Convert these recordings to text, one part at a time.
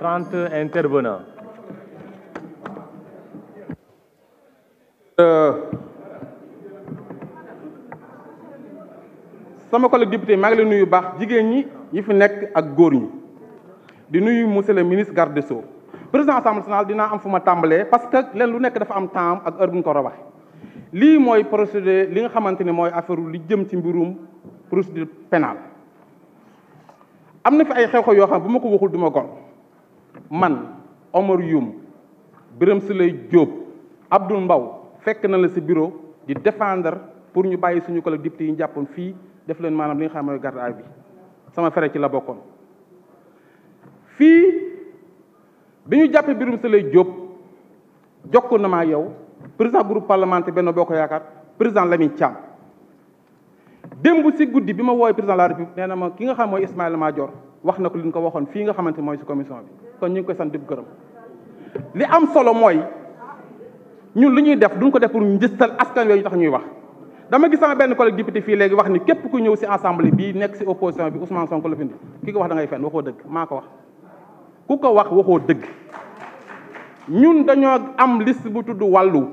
30 intervenants. Uh, sama collègue député maa ngi leen nuyu baax jigéen ñi ñi fi nekk ak góor ñi di nuyu monsieur le ministre garde des Sceaux président assemblée nationale dinaa am fu ma tàmbalee parce que leen lu nekk dafa am temps ak heure bu ko rawaxee lii mooy procédé li nga xamante ne mooy affaire li jëm ci mbirum procédure pénale am na fi ay xew-xew yoo xam bu ma ko waxul du ma man Omar biram Birame Souleye Diop Abdoul Mbaw fekk na la si bureau di défendre pour ñu bàyyi suñu collègue dipt yi ñu jàppoon fii def leen maanaam li nga xam mooy garde à bi sama fere ci la bokkoon fii bi ñu jàppee Birame Souleye Diop jokk na maa yow président groupe parlementaire Benno Bokk Yaakaar président Lamine Thiam démb si guddi bi ma woowee président de la république nee na ma ki nga xam mooy Ismaïla Madior wax na ko li ñu ko waxoon fii nga xamante mooy si commission bi kon ñu ngi koy sant di gërëm li am solo mooy ñun lu ñuy def duñ ko def pour njëstal askan wi ñu tax ñuy wax dama gis sama benn collègue député fii léegi wax ni képp ku ñëw si assemblée bii nekk si opposition bi Ousmane Sonko la findi ki ko wax da ngay fen waxoo dëgg maa ko wax ku ko wax waxoo dëgg ñun dañoo am list bu tudd wàllu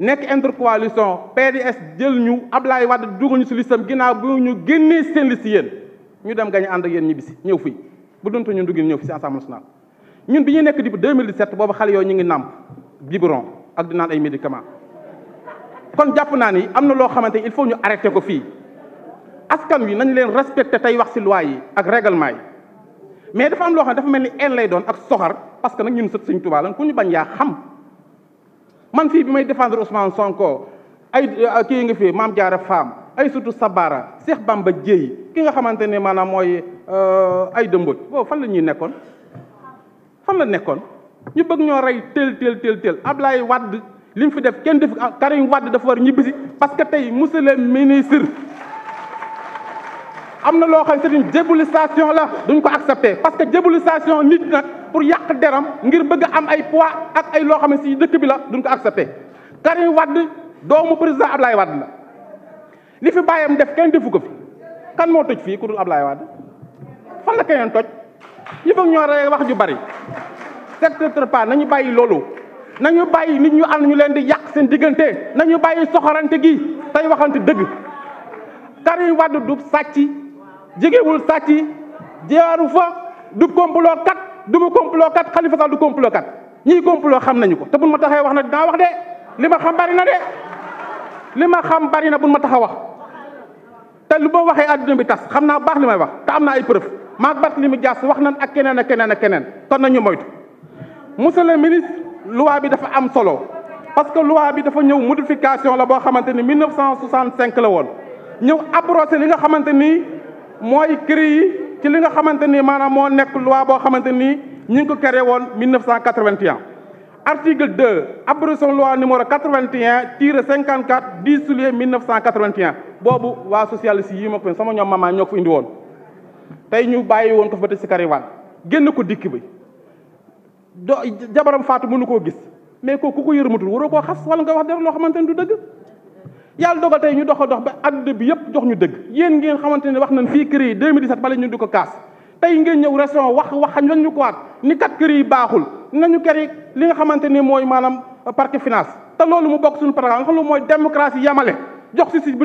nekk intercoalition PDS jël ñu Ablaye Wade dugal ñu si listam ginnaaw bu ñu génnee seen liste yéen ñu dem gañu and ak yeen ñibisi ñew ñëw bu duntu ñu dugg ñew fi ci assemblée nationale ñun bi ñu nekk di 2017 bobu xale yo ñi ngi nàmp biberon ak di naan ay médicament kon japp naa ni amna lo xamanteni il faut ñu arrêter ko fi askan wi nañ leen respecter tay wax ci loi yi ak règlement yi mais dafa am lo xam dafa melni en lay doon ak soxar parce que nak ñun sët suñ lan ku ñu bañ ya xam man fi bi may défendre Ousmane Sonko ay euh, ki nga fi mam jaara femme ay sutu Sabara Cheikh Bamba Dièye ki nga xamante ne maanaam mooy euh, ay dëmboj boobu fan la ñuy nekkoon fan la nekkoon ñu bëgg ñoo rey teel teel teel teel Ablaye Wade li mu fi def kenn def Karim Wade dafa war ñibbisi parce que tey monsieur le ministre am na loo xam c'est une diabolisation la duñ ko accepté parce que diabolisation nit nag pour yàq deram ngir bëgg am ay poids ak ay loo xam ne si dëkk bi la duñ ko accepté Karim Wade doomu président Ablaye Wade la li fi bàyyam def kenn defu ko fi kan moo toj fii ku dul Ablaye Wade fan la keneen toj yëpp ak ñoo rey wax ju bari secteur pas nañu bàyyi loolu nañu bàyyi nit ñu ànd ñu leen di yàq seen diggante nañu bàyyi soxorante gi tey waxante dëgg Karim Wade du sàcc jegewul sàcc jaaru fa du complot kat du mu complot kat Khalifa Sall du complot kat ñiy complot xam nañu ko te buñ ma taxee wax na dinaa wax de li ma xam bari na de li ma xam bari na ma tax a wax luma lu aduna bi tass xamna naa baax li may wax te am naa ay preuve maa Barthélémy jass wax nan ak kenen ak kenen ak kenen kon nañu moytu monsieur le ministre loi bi dafa am solo parce que loi bi dafa ñëw modification la bo xamanteni 1965 la won ñëw abroser li nga xamanteni moy mooy ci li nga xamanteni manam mo nek loi bo xamanteni ñing ko créé won 1981 article 2 abroser loi numéro 81 tire 54 10 juillet 1981 boobu waa socialiste yi ma ko sama ñoom maman ñoo ko indi woon tey ñu bàyyi woon ko fa tëj si kariwaan génn ko dikk bi do jabaram faatu mënu koo gis mais ko ku ko yërmatul waroo koo xas wala nga wax dara loo xamante ne du dëgg yàlla dogal tey ñu dox a dox ba adduna bi yëpp jox ñu dëgg yéen ngeen xamante ne wax nañ fii kër yi 2017 bala ñu di ko kaas tey ngeen ñëw restaurant wax wax lañ ñu ko waat ni kat kër yi baaxul nañu kër yi li nga xamante ne mooy maanaam parc finance te loolu mu bokk suñu programme nga xam ne mooy démocratie yamale jox si si bu